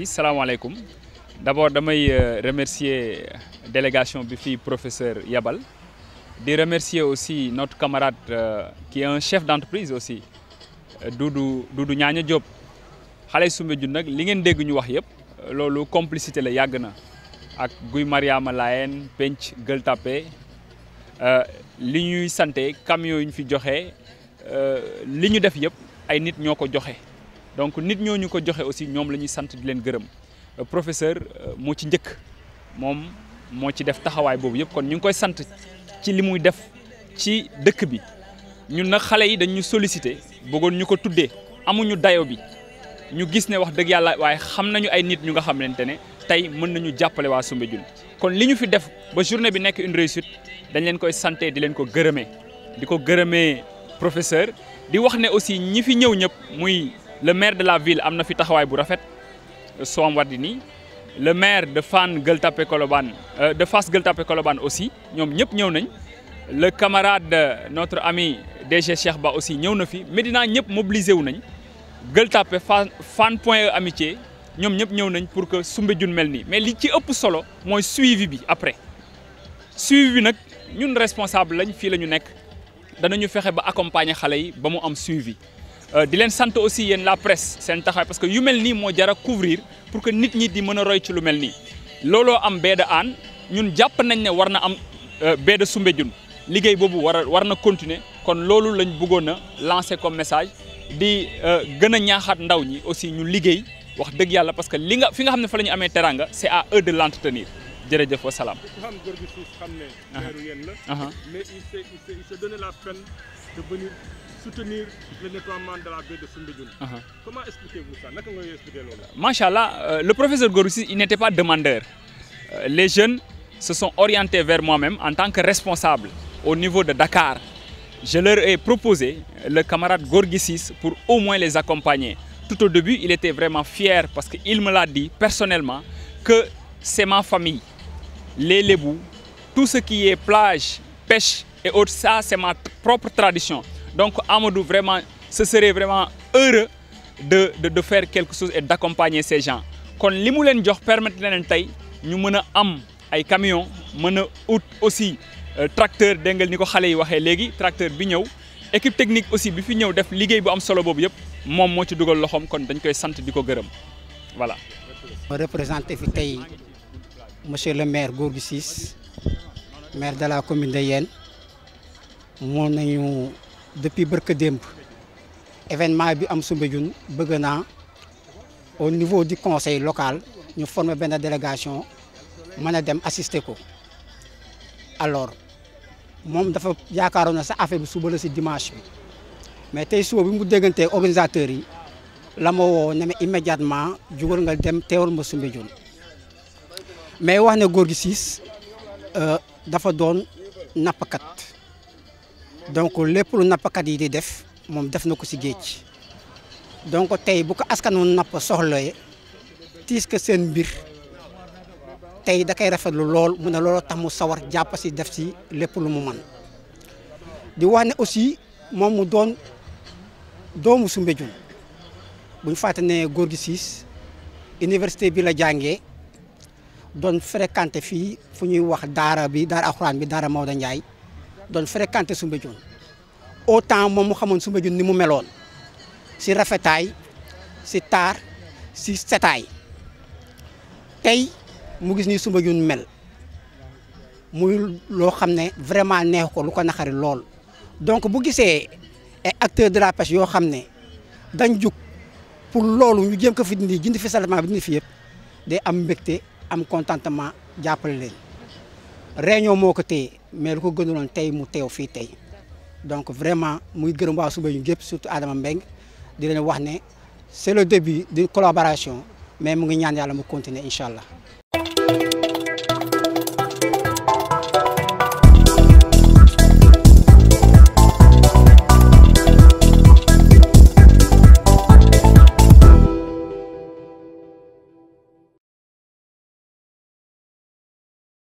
yi salaamaaleykum d'abord damay euh, remercier délégation bi fii professeur Yabal di remercier aussi not camarade euh, qui est un chef d'entreprise aussi dudu euh, Doudou Ñaaña Diop xale Soumbédioune nag li ngeen dégg ñu wax yëpp euh, loolu complicité la yàgg na ak Guy Mariama Layen Penc Gueule Tapée li ñuy sante camion yi ñu fi joxe li ñu def yëpp ay nit ñoo ko joxe donc nit ñoo ñu ko joxe aussi ñoom la ñuy sant di leen gërëm euh, professeur euh, moo ci njëkk moom moo ci def taxawaay boobu yëpp kon ñu ngi koy sant ci li muy def ci dëkk bi ñun nag xale yi dañu sollicité bëggoon ñu ko tuddee amuñu dayo bi ñu gis ne wax dëgg yàlla waaye xam nañu ay nit ñu nga xamante ne tey mën nañu jàppale waa Soumbédioune kon li ñu fi def ba journée bi nekk une réussite dañ leen koy santé di leen ko gërëmee di ko gërëmee professeur di wax ne aussi ñi fi ñëw ñëpp muy le maire de la ville am na fi taxawaay bu rafet Soham Wardini le maire de Fann Gueule Tapée Colobane euh, de Fass Gueule Tapée Colobane aussi ñoom ñëpp ñëw nañ le camarade euh, notre ami DG Cheikh Ba aussi ñëw na fi Médina ñëpp mobilisé wu nañ Gueule Tapée Fann Point E Amitié ñoom ñëpp ñëw nañ pour que Soumbédioune mel nii mais li ci ëpp solo mooy suivi bi après suivi bi nag ñun responsable lañ fii la ñu nekk danañu fexe ba accompagner xale yi ba mu am suivi Euh, di leen sant aussi yéen la presse seen taxawaay parce que yu mel nii moo jara a couvrir pour que nit ñi di mën a roy ci lu mel nii looloo am baie ann ñun jàpp nañ ne war na am euh, baie de liggéey boobu war a war na continuer kon loolu lañ bëggoon a lancer comme message di euh, gën a ñaaxaat ndaw ñi aussi ñu liggéey wax dëgg yàlla parce que li nga fi nga xam ne fa la ñu amee teranga c'est à eux de l'entretenir jërëjëf wa salaam. mais il la soutenir le nettoiement de la baie uh-huh. Machallah, euh, le professeur Goroussi, il n'était pas demandeur. Euh, les jeunes se sont orientés vers moi-même en tant que responsable au niveau de Dakar. Je leur ai proposé euh, le camarade Gorgissis pour au moins les accompagner. Tout au début, il était vraiment fier parce qu'il me l'a dit personnellement que c'est ma famille. Les Lébous, tout ce qui est plage, pêche et autres, ça c'est ma propre tradition. donc Amadou vraiment ce serait vraiment heureux de de de faire quelque chose et d'accompagner ces gens kon li mu leen jox permettre na leen tey ñu mën a am ay camions mën a ut aussi euh, tracteur dégg nga ni ko xale yi waxee léegi tracteur bi ñëw équipe technique aussi bi fi ñëw def liggéey bu am solo boobu yëpp moom moo ci dugal loxoom kon dañ koy sant di ko gërëm voilà. ma représenté fi tey monsieur le maire Gorgui Ciss maire de la commune de Yène moo nañu. depuis bërka démb événement bi am Soumbédioune bëgg naa au niveau di conseil local ñu former benn délégation mën a dem assister ko alors moom dafa yaakaaroon na sa affaire bi suba si dimanche bi mais tey suba bi mu déggantee organisateurs yi la ma woo ne ma immédiatement jugal nga dem teewal ma Soumbédioune mais wax ne góor siis euh, dafa doon nappkat donc lépp lu nappkat yi di def moom def na ko si géej donc tey bu ko askanu napp soxlawee tiis ko seen mbir tey da koy rafetlu lool mu ne looloo tax mu sawar jàpp si def ci lépp lu mu man di wax ne aussi moom mu doon doomu Soumbédioune bu ñu fàtte ne siis université bi la jàngee doon fréquenté fii fu ñuy wax daara bi daara alxuraan bi daara Maodo Ndiaye doon fréquenté Soumbédioune autant moom mu xamoon Soumbédioune ni mu meloon si rafetaay si taar si setaay tey mu gis ni Soumbédioune mel muy loo xam ne vraiment neex ko lu ko naxari lool donc bu gisee ay acteur de la pêche yoo xam ne dañ jug pour loolu ñu jéem ko fi dindi jënd fi saltement bi dindi fi yëpp day am mbégte am contentement jàppale leen réunion moo ko téye mais lu ko gënuloon tey mu teew fii tey donc vraiment muy gërëm waa suba ñu gépp surtout Adama Mbengue di leen wax ne c'est le début d'une collaboration mais mu ngi ñaan yàlla mu continuer incha allah